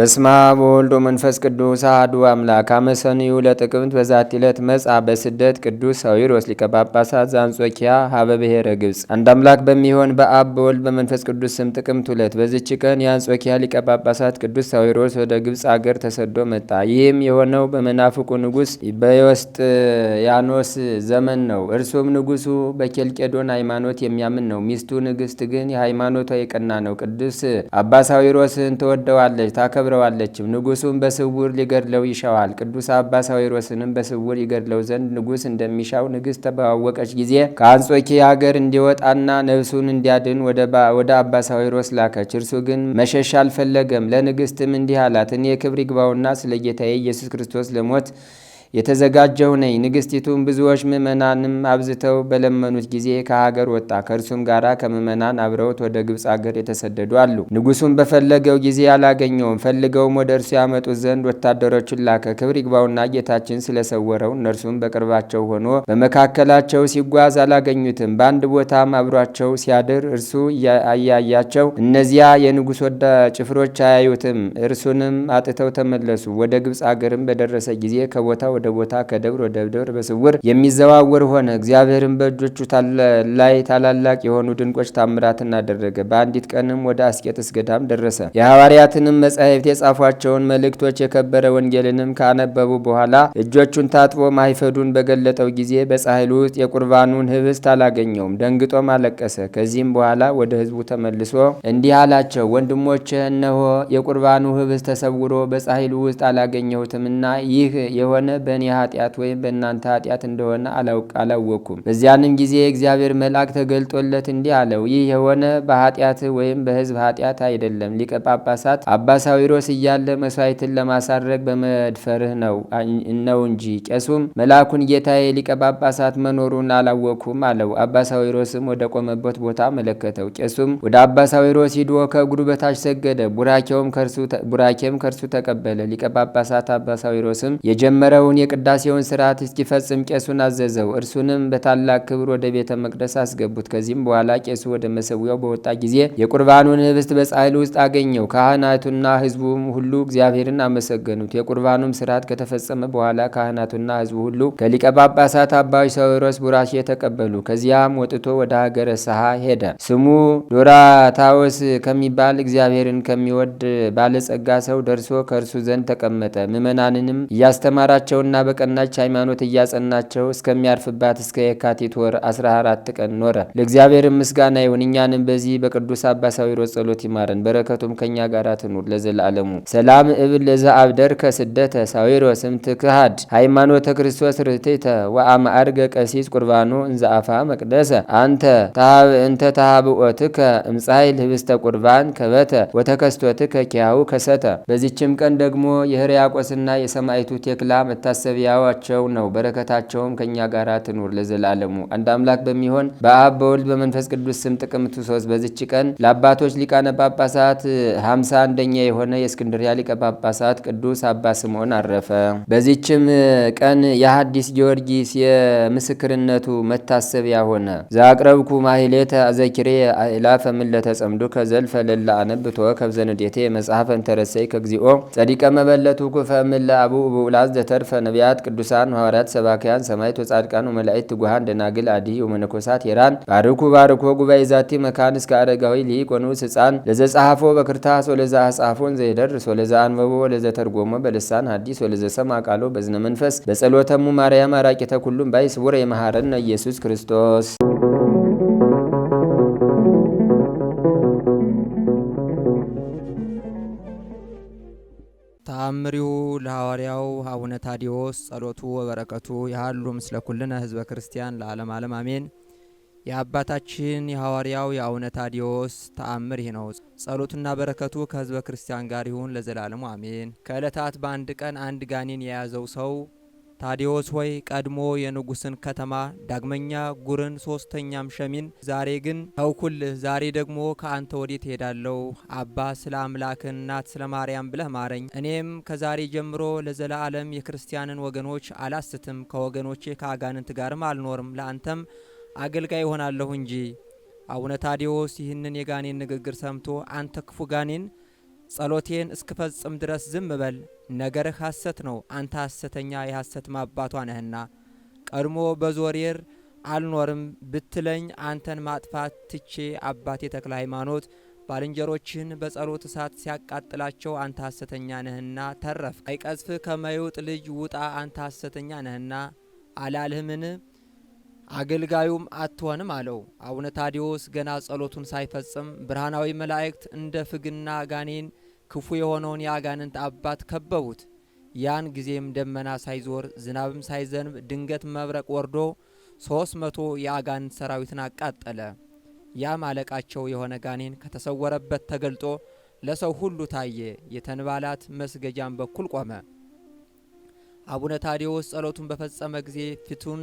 በስማ ወልዶ መንፈስ ቅዱስ አህዱ አምላክ አመሰኒዩ ለጥቅምት በዛቲ ዕለት መጻ በስደት ቅዱስ ሳዊሮስ ሊቀ ጳጳሳት ዘአንጾኪያ ሀበ ብሔረ ግብፅ። አንድ አምላክ በሚሆን በአብ በወልድ በመንፈስ ቅዱስ ስም ጥቅምት ሁለት በዚች ቀን የአንጾኪያ ሊቀ ጳጳሳት ቅዱስ ሳዊሮስ ወደ ግብፅ አገር ተሰዶ መጣ። ይህም የሆነው በመናፍቁ ንጉስ በዮስጥያኖስ ዘመን ነው። እርሱም ንጉሱ በኬልቄዶን ሃይማኖት የሚያምን ነው። ሚስቱ ንግስት ግን የሃይማኖቷ የቀና ነው። ቅዱስ አባ ሳዊሮስን ትወደዋለች ታከብ ትሰብረዋለችም። ንጉሱን በስውር ሊገድለው ይሻዋል። ቅዱስ አባ ሳዊሮስንም በስውር ይገድለው ዘንድ ንጉስ እንደሚሻው ንግሥት ባወቀች ጊዜ ከአንጾኪ ሀገር እንዲወጣና ነፍሱን እንዲያድን ወደ አባ ሳዊሮስ ላከች። እርሱ ግን መሸሽ አልፈለገም። ለንግሥትም እንዲህ አላት፣ እኔ ክብር ይግባውና ስለ ጌታዬ ኢየሱስ ክርስቶስ ለሞት የተዘጋጀው ነኝ። ንግስቲቱም ብዙዎች ምእመናንም አብዝተው በለመኑት ጊዜ ከሀገር ወጣ። ከእርሱም ጋራ ከምእመናን አብረውት ወደ ግብፅ አገር የተሰደዱ አሉ። ንጉሱም በፈለገው ጊዜ አላገኘውም። ፈልገውም ወደ እርሱ ያመጡት ዘንድ ወታደሮችን ላከ። ክብር ይግባውና ጌታችን ስለሰወረው እነርሱም በቅርባቸው ሆኖ በመካከላቸው ሲጓዝ አላገኙትም። በአንድ ቦታም አብሯቸው ሲያድር እርሱ እያያቸው እነዚያ የንጉስ ወዳ ጭፍሮች አያዩትም። እርሱንም አጥተው ተመለሱ። ወደ ግብፅ አገርም በደረሰ ጊዜ ከቦታው ወደ ቦታ ከደብር ወደ ደብር በስውር የሚዘዋወር ሆነ። እግዚአብሔርም በእጆቹ ላይ ታላላቅ የሆኑ ድንቆች ታምራትን አደረገ። በአንዲት ቀንም ወደ አስቄጥስ ገዳም ደረሰ። የሐዋርያትንም መጻሕፍት የጻፏቸውን መልእክቶች የከበረ ወንጌልንም ካነበቡ በኋላ እጆቹን ታጥቦ ማይፈዱን በገለጠው ጊዜ በፀሐይል ውስጥ የቁርባኑን ህብስት አላገኘውም። ደንግጦም አለቀሰ። ከዚህም በኋላ ወደ ህዝቡ ተመልሶ እንዲህ አላቸው፣ ወንድሞች እነሆ የቁርባኑ ህብስት ተሰውሮ በፀሐይሉ ውስጥ አላገኘሁትምና ይህ የሆነ በእኔ ኃጢአት ወይም በእናንተ ኃጢአት እንደሆነ አላወቅኩም። በዚያንም ጊዜ የእግዚአብሔር መልአክ ተገልጦለት እንዲህ አለው፣ ይህ የሆነ በኃጢአት ወይም በሕዝብ ኃጢአት አይደለም፣ ሊቀ ጳጳሳት አባ ሳዊሮስ እያለ መስዋዕትን ለማሳረግ በመድፈርህ ነው ነው እንጂ። ቄሱም መልአኩን ጌታዬ ሊቀ ጳጳሳት መኖሩን አላወቅኩም አለው። አባ ሳዊሮስም ወደ ቆመበት ቦታ መለከተው። ቄሱም ወደ አባ ሳዊሮስ ሂዶ ከእግሩ በታች ሰገደ። ቡራኬም ከእርሱ ተቀበለ። ሊቀ ጳጳሳት አባ ሳዊሮስም የጀመረውን የቅዳሴውን ስርዓት እስኪፈጽም ቄሱን አዘዘው። እርሱንም በታላቅ ክብር ወደ ቤተ መቅደስ አስገቡት። ከዚህም በኋላ ቄሱ ወደ መሰዊያው በወጣ ጊዜ የቁርባኑን ህብስት በጻሕል ውስጥ አገኘው። ካህናቱና ህዝቡም ሁሉ እግዚአብሔርን አመሰገኑት። የቁርባኑም ስርዓት ከተፈጸመ በኋላ ካህናቱና ህዝቡ ሁሉ ከሊቀ ጳጳሳት አባ ሰዊሮስ ቡራሼ ተቀበሉ። ከዚያም ወጥቶ ወደ ሀገረ ሰሃ ሄደ። ስሙ ዶራታዎስ ከሚባል እግዚአብሔርን ከሚወድ ባለጸጋ ሰው ደርሶ ከእርሱ ዘንድ ተቀመጠ። ምእመናንንም እያስተማራቸውን በጽኑና በቀናች ሃይማኖት እያጸናቸው እስከሚያርፍባት እስከ የካቲት ወር 14 ቀን ኖረ። ለእግዚአብሔር ምስጋና ይሁን። እኛንም በዚህ በቅዱስ አባ ሳዊሮስ ጸሎት ይማረን፣ በረከቱም ከእኛ ጋር ትኑር ለዘላለሙ። ሰላም እብል ለዛ አብደርከ ስደተ ሳዊሮስም ትክሃድ ሃይማኖተ ክርስቶስ ርትተ ወአማዕርገ ቀሲስ ቁርባኑ እንዘአፋ መቅደሰ አንተ እንተ ተሃብኦትከ እምጻይል ህብስተ ቁርባን ከበተ ወተከስቶትከ ኪያው ከሰተ። በዚችም ቀን ደግሞ የህርያቆስና የሰማይቱ ቴክላ መታሰ መታሰቢያቸው ነው። በረከታቸውም ከእኛ ጋር ትኑር ለዘላለሙ። አንድ አምላክ በሚሆን በአብ በወልድ በመንፈስ ቅዱስ ስም ጥቅምቱ ሶስት በዝች ቀን ለአባቶች ሊቃነ ጳጳሳት ሀምሳ አንደኛ የሆነ የእስክንድሪያ ሊቀ ጳጳሳት ቅዱስ አባ ስምዖን አረፈ። በዚችም ቀን የሐዲስ ጊዮርጊስ የምስክርነቱ መታሰቢያ ሆነ። ዘአቅረብኩ ማህሌተ አዘኪሬ አእላፈ ምለተ ጸምዱ ከዘልፈ ለላ አነብቶ ከብዘንዴቴ መጽሐፈ እንተረሰይ ከግዚኦ ጸዲቀ መበለቱ ኩፈ ምለ አቡ ብኡላዝ ዘተርፈ ነቢያት፣ ቅዱሳን ሐዋርያት፣ ሰባክያን፣ ሰማዕት ወጻድቃን ወመላእክት፣ ትጉሃን፣ ደናግል፣ አዲ ወመነኮሳት ሄራን ባርኩ ባርኮ ጉባኤ ዛቲ መካን እስከ አረጋዊ ሊቅ ወንዑስ ሕፃን ለዘጸሐፎ በክርታስ ወለዘ አጻፎን ዘይደርስ ወለዘ አንበቦ ወለዘ ተርጎሞ በልሳን ሐዲስ ወለዘ ሰማ ቃሎ በዝነ መንፈስ በጸሎተሙ ማርያም አራቂተ ኩሉም ባይ ስቡረ የመሐረነ ኢየሱስ ክርስቶስ ሐዋርያው አቡነ ታዲዎስ ጸሎቱ ወበረከቱ ያሉ ምስለ ኩልነ ህዝበ ክርስቲያን ለዓለም ዓለም አሜን። የአባታችን የሐዋርያው የአቡነ ታዲዎስ ተአምር ይህ ነው። ጸሎቱና በረከቱ ከህዝበ ክርስቲያን ጋር ይሁን ለዘላለሙ አሜን። ከዕለታት በአንድ ቀን አንድ ጋኔን የያዘው ሰው ታዲዎስ ሆይ ቀድሞ የንጉስን ከተማ ዳግመኛ ጉርን ሶስተኛም ሸሚን ዛሬ ግን ተውኩልህ። ዛሬ ደግሞ ከአንተ ወዴት ትሄዳለሁ አባ ስለ አምላክ እናት ስለ ማርያም ብለህ ማረኝ። እኔም ከዛሬ ጀምሮ ለዘላለም የክርስቲያንን ወገኖች አላስትም፣ ከወገኖቼ ከአጋንንት ጋርም አልኖርም፣ ለአንተም አገልጋይ ይሆናለሁ እንጂ። አቡነ ታዲዎስ ይህንን የጋኔን ንግግር ሰምቶ አንተ ክፉ ጋኔን ጸሎቴን እስክፈጽም ድረስ ዝም በል። ነገርህ ሐሰት ነው፣ አንተ ሐሰተኛ የሐሰት ማባቷ ነህና። ቀድሞ በዞሬር አልኖርም ብትለኝ አንተን ማጥፋት ትቼ አባቴ ተክለ ሃይማኖት ባልንጀሮችህን በጸሎት እሳት ሲያቃጥላቸው አንተ ሐሰተኛ ነህና ተረፍ። አይቀዝፍ ከመይውጥ ልጅ ውጣ አንተ ሐሰተኛ ነህና አላልህምን? አገልጋዩም አትሆንም አለው። አቡነ ታዲዎስ ገና ጸሎቱን ሳይፈጽም ብርሃናዊ መላእክት እንደ ፍግና ጋኔን ክፉ የሆነውን የአጋንንት አባት ከበቡት። ያን ጊዜም ደመና ሳይዞር ዝናብም ሳይዘንብ ድንገት መብረቅ ወርዶ ሶስት መቶ የአጋንንት ሰራዊትን አቃጠለ። ያም አለቃቸው የሆነ ጋኔን ከተሰወረበት ተገልጦ ለሰው ሁሉ ታየ። የተንባላት መስገጃም በኩል ቆመ። አቡነ ታዲዎስ ጸሎቱን በፈጸመ ጊዜ ፊቱን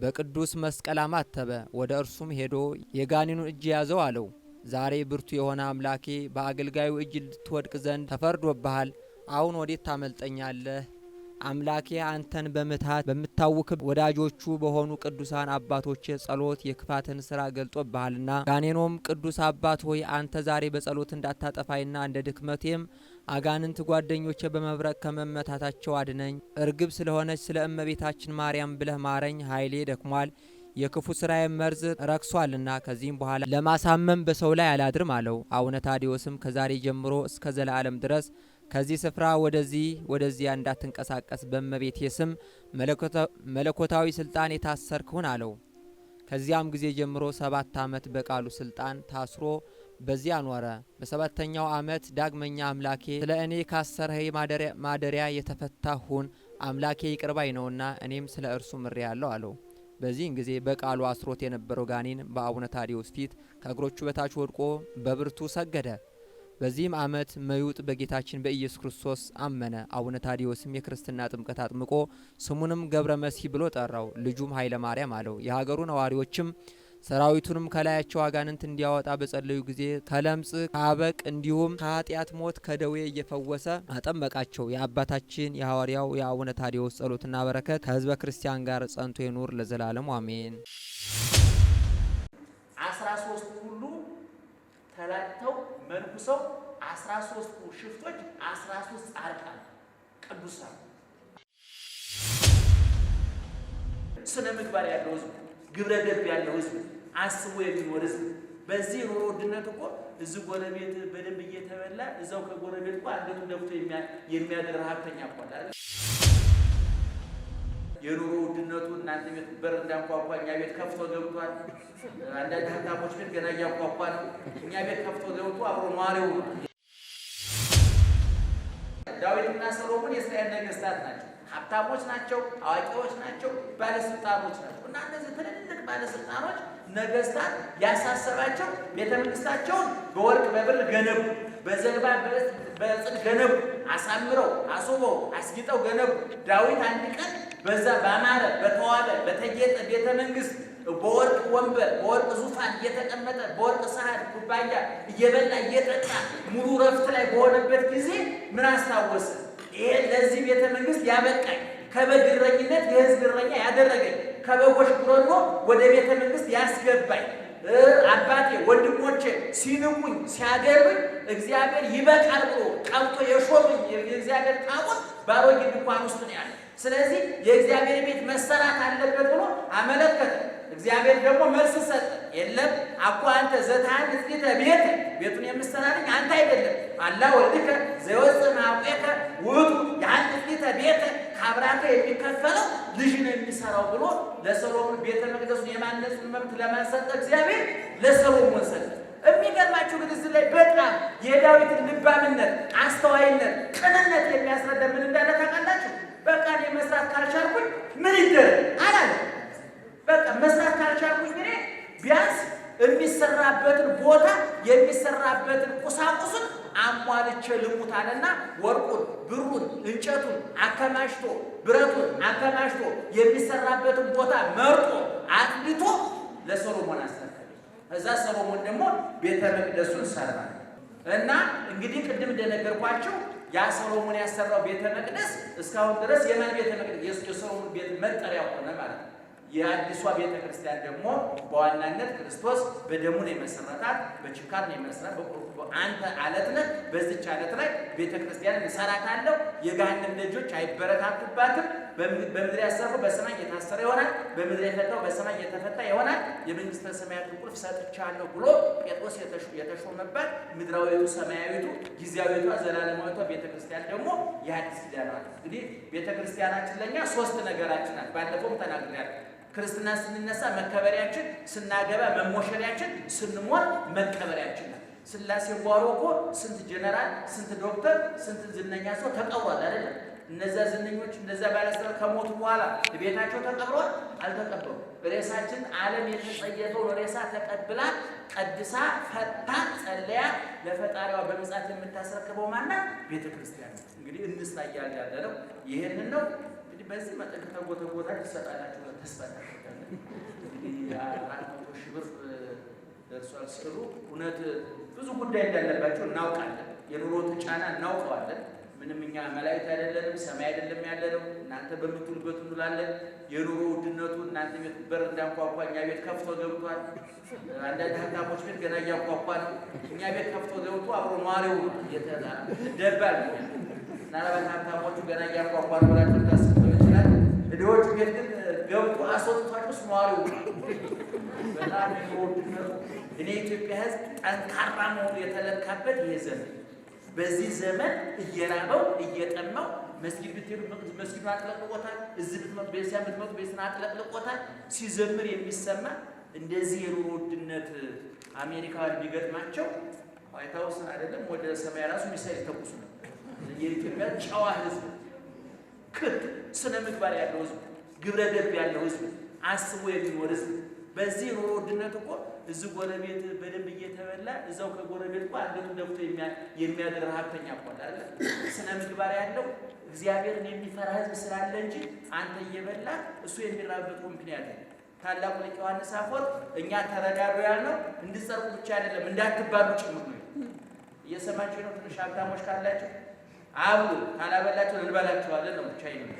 በቅዱስ መስቀል አማተበ። ወደ እርሱም ሄዶ የጋኔኑን እጅ ያዘው አለው። ዛሬ ብርቱ የሆነ አምላኬ በአገልጋዩ እጅ ልትወድቅ ዘንድ ተፈርዶብሃል። አሁን ወዴት ታመልጠኛለህ? አምላኬ አንተን በምትሃት በምታውክ ወዳጆቹ በሆኑ ቅዱሳን አባቶች ጸሎት የክፋትን ስራ ገልጦብሃልና፣ ጋኔኖም ቅዱስ አባት ሆይ አንተ ዛሬ በጸሎት እንዳታጠፋይና እንደ ድክመቴም አጋንንት ጓደኞቼ በመብረቅ ከመመታታቸው አድነኝ። እርግብ ስለሆነች ስለ እመቤታችን ማርያም ብለህ ማረኝ። ኃይሌ ደክሟል። የክፉ ስራዬ መርዝ ረክሷልና ከዚህም በኋላ ለማሳመም በሰው ላይ አላድርም አለው። አቡነ ታዲዮስም ከዛሬ ጀምሮ እስከ ዘላለም ድረስ ከዚህ ስፍራ ወደዚህ ወደዚያ እንዳትንቀሳቀስ በእመቤቴ ስም መለኮታዊ ስልጣን የታሰርክሁን አለው። ከዚያም ጊዜ ጀምሮ ሰባት ዓመት በቃሉ ስልጣን ታስሮ በዚያ ኖረ። በሰባተኛው ዓመት ዳግመኛ አምላኬ ስለ እኔ ካሰረህ ማደሪያ የተፈታ ሁን አምላኬ ይቅርባይ ነውና እኔም ስለ እርሱ ምሬ ያለው አለው። በዚህን ጊዜ በቃሉ አስሮት የነበረው ጋኔን በአቡነ ታዲዎስ ፊት ከእግሮቹ በታች ወድቆ በብርቱ ሰገደ። በዚህም ዓመት መዩጥ በጌታችን በኢየሱስ ክርስቶስ አመነ። አቡነ ታዲዎስም የክርስትና ጥምቀት አጥምቆ ስሙንም ገብረ መሲህ ብሎ ጠራው። ልጁም ኃይለ ማርያም አለው። የሀገሩ ነዋሪዎችም ሰራዊቱንም ከላያቸው አጋንንት እንዲያወጣ በጸለዩ ጊዜ ከለምጽ ከአበቅ እንዲሁም ከኃጢአት ሞት ከደዌ እየፈወሰ አጠመቃቸው። የአባታችን የሐዋርያው የአቡነ ታዲዎስ ጸሎትና በረከት ከህዝበ ክርስቲያን ጋር ጸንቶ ይኑር ለዘላለሙ አሜን። አስራ ሶስቱ ሁሉ ተላጭተው መንኩሰው አስራ ሶስቱ ሽፍቶች አስራ ሶስት ጻድቃን ቅዱሳን ስነ ምግባር ያለው ህዝብ ግብረ ገብ ያለው ህዝብ አስቦ የሚኖር ህዝብ። በዚህ ኑሮ ውድነት እኮ እዚህ ጎረቤት በደንብ እየተበላ እዛው ከጎረቤት እኮ አንገቱን ደፍቶ የሚያደር ሀብተኛ እኮ አለ። የኑሮ ውድነቱ እናንተ ቤት በር እንዳንኳኳ እኛ ቤት ከፍቶ ገብቷል። አንዳንድ ሀብታሞች ቤት ገና እያንኳኳ ነው። እኛ ቤት ከፍቶ ገብቶ አብሮ ነዋሪው ዳዊትና ሰሎሞን የእስራኤል ነገስታት ናቸው። ሀብታሞች ናቸው፣ አዋቂዎች ናቸው፣ ባለስልጣኖች ናቸው። እና እነዚህ ትልልቅ ባለስልጣኖች ነገስታት ያሳሰባቸው ቤተ መንግስታቸውን በወርቅ በብር ገነቡ፣ በዘግባ በጽድ ገነቡ፣ አሳምረው አስውበው አስጊጠው ገነቡ። ዳዊት አንድ ቀን በዛ በአማረ በተዋበ በተጌጠ ቤተ መንግስት በወርቅ ወንበር በወርቅ ዙፋን እየተቀመጠ በወርቅ ሰሃን ኩባያ እየበላ እየጠጣ ሙሉ ረፍት ላይ በሆነበት ጊዜ ምን አስታወሰ? ይሄ ለዚህ ቤተ መንግስት ያበቃኝ ከበግ እረኝነት የህዝብ እረኛ ያደረገኝ ከበጎች ጉረኖ ወደ ቤተ መንግስት ያስገባኝ አባቴ ወንድሞቼ ሲንቁኝ ሲያገሉኝ እግዚአብሔር ይበቃል ብሎ ቀምቶ የሾመኝ የእግዚአብሔር ታቦት በአሮጌ ድንኳን ውስጥ ነው ያለ። ስለዚህ የእግዚአብሔር ቤት መሰራት አለበት ብሎ አመለከተ። እግዚአብሔር ደግሞ መልስ ሰጠ። የለም አኮ አንተ ዘታን እዝጊተ ቤት ቤቱን የምሰራልኝ አንተ አይደለም አላ ወልድከ ዘወፅ ማቁከ ውቱ የአንድ እዝጊተ ቤት ካብራከ የሚከፈለው ልጅ ነው የሚሰራው ብሎ ለሰሎሞን ቤተ መቅደሱን የማነጹን መብት ለማሰጠ እግዚአብሔር ለሰሎሞን ሰጠ። የሚገርማችሁ ግን እዚህ ላይ በጣም የዳዊትን ልባምነት፣ አስተዋይነት፣ ቅንነት የሚያስረዳ ምን እንዳለ ታውቃላችሁ? በቃ የመስራት ካልቻልኩኝ የሚሰራበትን ቦታ የሚሰራበትን ቁሳቁሱን አሟልቼ ልሙታልና ወርቁን፣ ብሩን፣ እንጨቱን አከማሽቶ ብረቱን አከማሽቶ የሚሰራበትን ቦታ መርጦ አጥልቶ ለሰሎሞን አስተካከለ። እዛ ሰሎሞን ደግሞ ቤተ መቅደሱን ሰራ እና እንግዲህ ቅድም እንደነገርኳቸው ያ ሰሎሞን ያሰራው ቤተ መቅደስ እስካሁን ድረስ የማን ቤተ መቅደስ? የሰሎሞን ቤት መጠሪያ ሆነ ማለት ነው። የአዲሷ ቤተ ክርስቲያን ደግሞ በዋናነት ክርስቶስ በደሙ ነው የመሰረታት፣ በችካር ነው የመሰረት። አንተ አለት ነህ፣ በዚች አለት ላይ ቤተ ክርስቲያንን እሰራታለሁ፣ የገሃነም ደጆች አይበረታቱባትም። በምድር ያሰረው በሰማይ የታሰረ ይሆናል፣ በምድር የፈታው በሰማይ የተፈታ ይሆናል። የመንግስተ ሰማያት ቁልፍ ሰጥቻለሁ ብሎ ጴጥሮስ የተሾመበት ምድራዊቱ፣ ሰማያዊቱ፣ ጊዜያዊቷ፣ ዘላለማዊቷ ቤተ ክርስቲያን ደግሞ የአዲስ ኪዳን ናት። እንግዲህ ቤተ ክርስቲያናችን ለእኛ ሶስት ነገራችን ናት። ባለፈውም ተናግሬያለሁ። ክርስትና ስንነሳ መከበሪያችን፣ ስናገባ መሞሸሪያችን፣ ስንሞር መቀበሪያችን ነው። ስላሴ ጓሮ እኮ ስንት ጀነራል፣ ስንት ዶክተር፣ ስንት ዝነኛ ሰው ተቀብሯል አይደለም? እነዛ ዝነኞች እነዛ ባለስራ ከሞቱ በኋላ ቤታቸው ተቀብሯል? አልተቀበሩ ሬሳችን ዓለም የተጸየፈውን ሬሳ ተቀብላ ቀድሳ ፈታ ጸለያ ለፈጣሪዋ በምጽአት የምታስረክበው ማና ቤተ ክርስቲያን። እንግዲህ እንስታያል ያለ ነው። ይህንን ነው በዚህ መጠን ከተጎተጎታችሁ ይሰጣላችሁ ብለን ተስፋ እናደርጋለን። አንድ መቶ ሺህ ብር ደርሷል ስሩ። እውነት ብዙ ጉዳይ እንዳለባቸው እናውቃለን። የኑሮ ጫና እናውቀዋለን። ምንም እኛ መላእክት አይደለንም፣ ሰማይ አይደለም ያለነው። እናንተ በምትውሉበት እንላለን። የኑሮ ውድነቱ እናንተ ቤት በር እንዳንኳኳ እኛ ቤት ከፍቶ ገብቷል። አንዳንድ ሀብታሞች ቤት ገና እያንኳኳ ነው። እኛ ቤት ከፍቶ ገብቶ አብሮ ነዋሪው ደባል ምናልባት ሀብታሞቹ ገና እያንኳኳ ነው ብላችሁ ወደዎቹ ቤት ግን ገብቶ አስወጥቷቸው ነዋሪው በጣም የወድነቱ እኔ ኢትዮጵያ ሕዝብ ጠንካራ መሆኑ የተለካበት ይሄ ዘመን በዚህ ዘመን እየራበው እየጠማው መስጊድ ብትሄዱ መስጊዱን አጥለቅልቆታል። እዚህ ብትመጡ ቤተክርስቲያን ብትመጡ ቤትን አጥለቅልቆታል። ሲዘምር የሚሰማ እንደዚህ የኑሮ ውድነት አሜሪካውያን ቢገጥማቸው ዋይት ሀውስ አይደለም ወደ ሰማይ ራሱ ሚሳይል ተኩሱ ነው የኢትዮጵያ ጨዋ ህዝብ ክት ስነ ምግባር ያለው ህዝብ፣ ግብረ ገብ ያለው ህዝብ፣ አስቦ የሚኖር ህዝብ። በዚህ ኑሮ ውድነት እኮ እዚህ ጎረቤት በደንብ እየተበላ እዛው ከጎረቤት እኮ አንገቱን ደፍቶ የሚያደር ሀብተኛ እኮ አለ። ስነ ምግባር ያለው እግዚአብሔርን የሚፈራ ህዝብ ስላለ እንጂ አንተ እየበላ እሱ የሚራበት ምክንያት ታላቁ ሊቅ ዮሐንስ አፈወርቅ እኛ ተረዳዱ ያልነው እንድትጸርቁ ብቻ አይደለም እንዳትባሉ ጭምር ነው። እየሰማችሁ ነው። ትንሽ ሀብታሞች ካላችሁ አቡ ካላበላቸው እንበላቸዋለን ነው ብቻ ይነ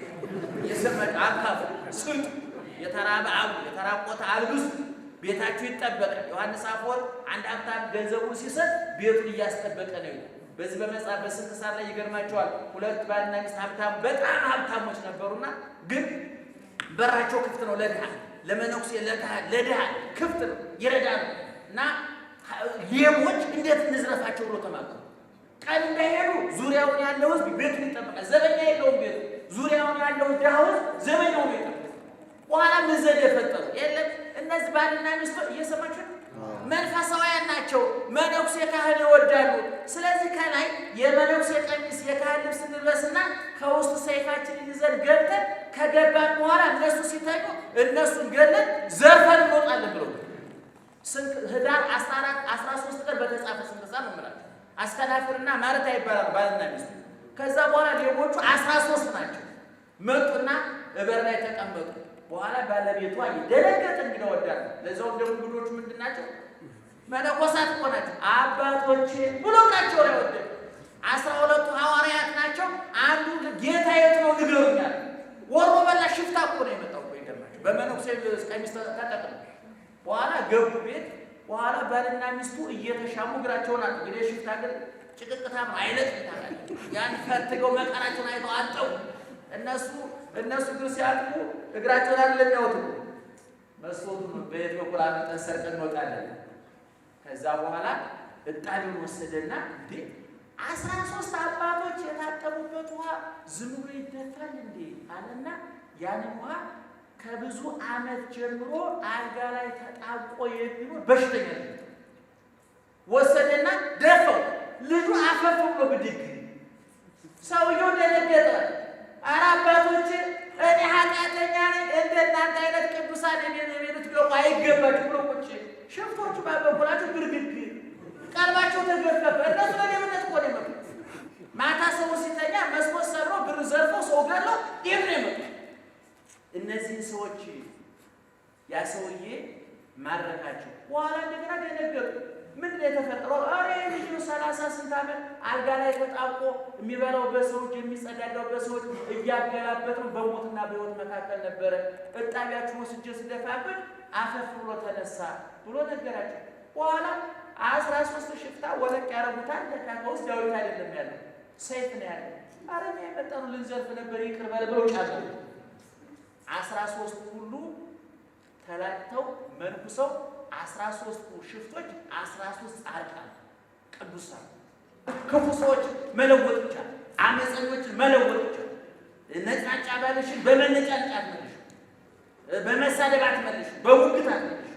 የሰመድ አካፍ ስጡ፣ የተራበ አቡ፣ የተራቆተ አልብሱ፣ ቤታችሁ ይጠበቃል። ዮሐንስ አፈወርቅ አንድ ሀብታም ገንዘቡን ሲሰጥ ቤቱን እያስጠበቀ ነው ይላል። በዚህ በመጽሐፍ ሰዓት ላይ ይገርማቸዋል። ሁለት ባልና ሚስት ሀብታም በጣም ሀብታሞች ነበሩና ግን በራቸው ክፍት ነው ለድሃ ለመነኩሴ ለድሃ ለድሃ ክፍት ነው ይረዳሉ። እና ሌቦች እንዴት እንዝረፋቸው ብሎ ተማከሩ። ቀን እንዳይሄዱ ዙሪያውን ያለው ህዝብ ቤቱን ይጠብቃል። ዘበኛ የለውም ቤቱ ዙሪያውን ያለው ዳውስ ዘበኛው ቤት ይጠብቃል። በኋላ ምን ዘዴ የፈጠሩ የለም። እነዚህ ባልና ሚስቶ እየሰማችሁ መንፈሳውያን ናቸው። መነኩሴ ካህን ይወዳሉ። ስለዚህ ከላይ የመነኩሴ ቀሚስ የካህን ልብስ እንልበስና ከውስጥ ሰይፋችን ይዘን ገብተን ከገባን በኋላ እነሱ ሲታዩ እነሱን ገለን ዘፈን እንወጣለን ብሎ ስንክ ህዳር 14 13 ቀን በተጻፈ ስንተጻፍ እንምላለን አስተናፍርና ማረታ ይባላል ባልና ሚስት። ከዛ በኋላ ሌቦቹ አስራ ሶስት ናቸው መጡና እበር ላይ ተቀመጡ። በኋላ ባለቤቷ ደነገጠ። እንግዳ ወዳለ ለዛው ደግሞ እንግዶቹ ምንድን ናቸው? መነኮሳት እኮ ናቸው አባቶች ብሎ ናቸው ላይ ወደ አስራ ሁለቱ ሐዋርያት ናቸው። አንዱ ጌታ የት ነው ንገሩኛል። ወሮ በላ ሽፍታ እኮ ነው የመጣው። ይገርማቸው በመነኩሴ ቀሚስ ተጠቅም በኋላ ገቡ ቤት በኋላ ባልና ሚስቱ እየተሻሙ እግራቸውን አሉ። እንግዲህ ሽፍታ ግን ጭቅቅታ ነው አይለት ያን ፈትገው መቀራቸውን አይተው አጠው እነሱ እነሱ ግን ሲያልፉ እግራቸውን አለ የሚያወጡ መስሎቱ በየት በኩል አምጠን ሰርቀን እንወጣለን። ከዛ በኋላ እጣቢውን ወሰደና እንዴ አስራ ሶስት አባቶች የታጠቡበት ውሃ ዝም ብሎ ይደፋል እንዴ አለና ያንን ውሃ ከብዙ ዓመት ጀምሮ አልጋ ላይ ተጣብቆ የሚኖር በሽተኛ ወሰደና ደፈው። ልጁ አፈፍ ብሎ ብድግ። ሰውየው ደነገጠ። ኧረ አባቶች እኔ ኃጢአተኛ ነኝ፣ እንደ እናንተ አይነት ቅዱሳን እኔን ልትገቡ አይገባችሁ ብሎ ቁጭ ሽፍቶቹ ባበኩላቸው ግርግግ ቀልባቸው ተገፈፈ። እነሱ ለሌብነት እኮ ነው የመጡት። ማታ ሰው ሲተኛ መስኮት ሰብሮ ብር ዘርፎ ሰው ገሎ ይህ ነው የመጡት እነዚህን ሰዎች ያ ሰውዬ ማረካቸው። በኋላ እንደገና ደነገጡ። ምንድን ነው የተፈጠረው? ኧረ ልጅ ሰላሳ ስንት ዓመት አልጋ ላይ ተጣብቆ የሚበላው በሰዎች እጅ የሚጸዳዳው በሰዎች እያገላበጥ በሞትና በሕይወት መካከል ነበረ። እጣቢያችሁ ወስጄ ስደፋብን አፈፍ ብሎ ተነሳ ብሎ ነገራቸው። በኋላ አስራ ሶስት ሽፍታ ወለቅ ያረጉታል። ለካ ውስጥ ዳዊት አይደለም ያለው ሰይፍ ነው ያለው። አረ የመጣኑ ልንዘርፍ ነበር ይቅር በል ብለው ጫሉ አስራ ሶስቱ ሁሉ ተላተው መንኩሰው አስራ ሶስቱ ሽፍቶች አስራ ሶስት ጻድቃን ቅዱሳን ክፉ ሰዎችን መለወጥ ይቻላል። አመፀኞችን መለወጥ ይቻላል። ነጫጫ ባልሽን በመነጫነጫ አትመልሹ፣ በመሳደብ አትመልሽ፣ በውግት አትመልሽ።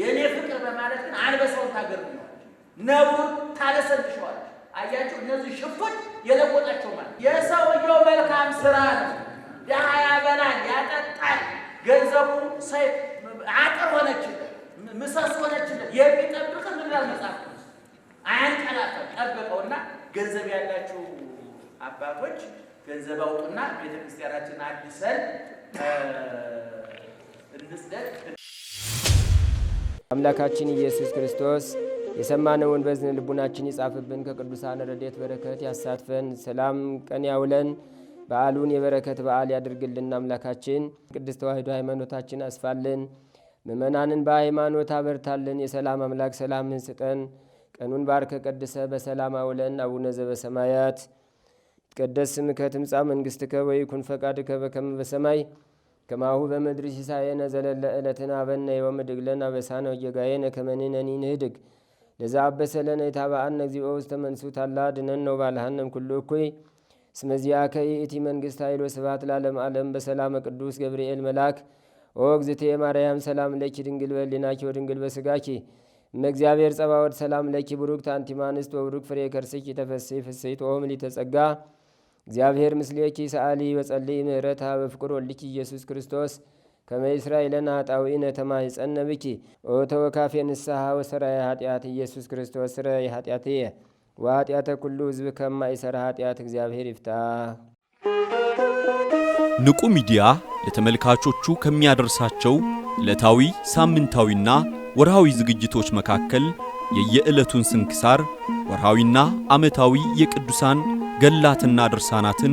የእኔ ፍቅር በማለት ግን አንበሳውን ታገርመዋለች፣ ነብሩን ታለሰልሸዋለች። አያቸው እነዚህ ሽፍቶች የለወጣቸው ማለት የሰውየው መልካም ስራ ነው። ያጠጣል። ገንዘቡ አጥር ሆነችለት፣ ምሰሶ ሆነችለት። የሚጠብቅ ምንላል መጽሐፍ አያንቀላፈል ጠበቀውና ገንዘብ ያላችሁ አባቶች ገንዘብ አውጡና ቤተ ክርስቲያናችን አድሰን እንስደት። አምላካችን ኢየሱስ ክርስቶስ የሰማነውን በዝን ልቡናችን ይጻፍብን፣ ከቅዱሳን ረድኤት በረከት ያሳትፈን፣ ሰላም ቀን ያውለን። በዓሉን የበረከት በዓል ያድርግልን። አምላካችን ቅድስት ተዋሕዶ ሃይማኖታችን አስፋልን፣ ምእመናንን በሃይማኖት አበርታልን። የሰላም አምላክ ሰላምን ስጠን። ቀኑን ባርከ ቀድሰ በሰላም አውለን። አቡነ ዘበሰማያት ይትቀደስ ስምከ ትምጻእ መንግሥትከ ወይኩን ፈቃድከ በከመ በሰማይ ከማሁ በምድር ሲሳየነ ዘለለ ዕለትነ ሀበነ ዮም ወኅድግ ለነ አበሳነ ወጌጋየነ ከመ ንሕነኒ ንኅድግ ለዘ አበሰ ለነ ኢታብአነ እግዚኦ ውስተ መንሱት አላ አድኅነነ ወባልሐነ እምኩሉ እኩይ ስመዚያ ከይእቲ መንግስት ኃይሎ ስብሐት ላለም ዓለም በሰላም ቅዱስ ገብርኤል መልአክ ኦግዝቴ ማርያም ሰላም ለኪ ድንግል በሊናኪ ወድንግል በስጋኪ እመእግዚአብሔር ጸባወድ ሰላም ለኪ ብሩክት አንቲ እምአንስት ወብሩክ ፍሬ ከርስኪ ተፈሥሒ ፍሥሕት ኦምሊተ ጸጋ እግዚአብሔር ምስሌኪ ሰአሊ ወጸልይ ምህረታ በፍቅር ወልኪ ኢየሱስ ክርስቶስ ከመ እስራኤልን አጣዊነ ተማይጸነ ብኪ ኦ ተወካፌ ንስሐ ወሰራይ ኃጢአት ኢየሱስ ክርስቶስ ስረይ ኃጢአትየ ወኃጢአተ ኩሉ ህዝብ ከማይሠራ ኃጢአት እግዚአብሔር ይፍታ። ንቁ ሚዲያ ለተመልካቾቹ ከሚያደርሳቸው ዕለታዊ ሳምንታዊና ወርሃዊ ዝግጅቶች መካከል የየዕለቱን ስንክሳር ወርሃዊና ዓመታዊ የቅዱሳን ገላትና ድርሳናትን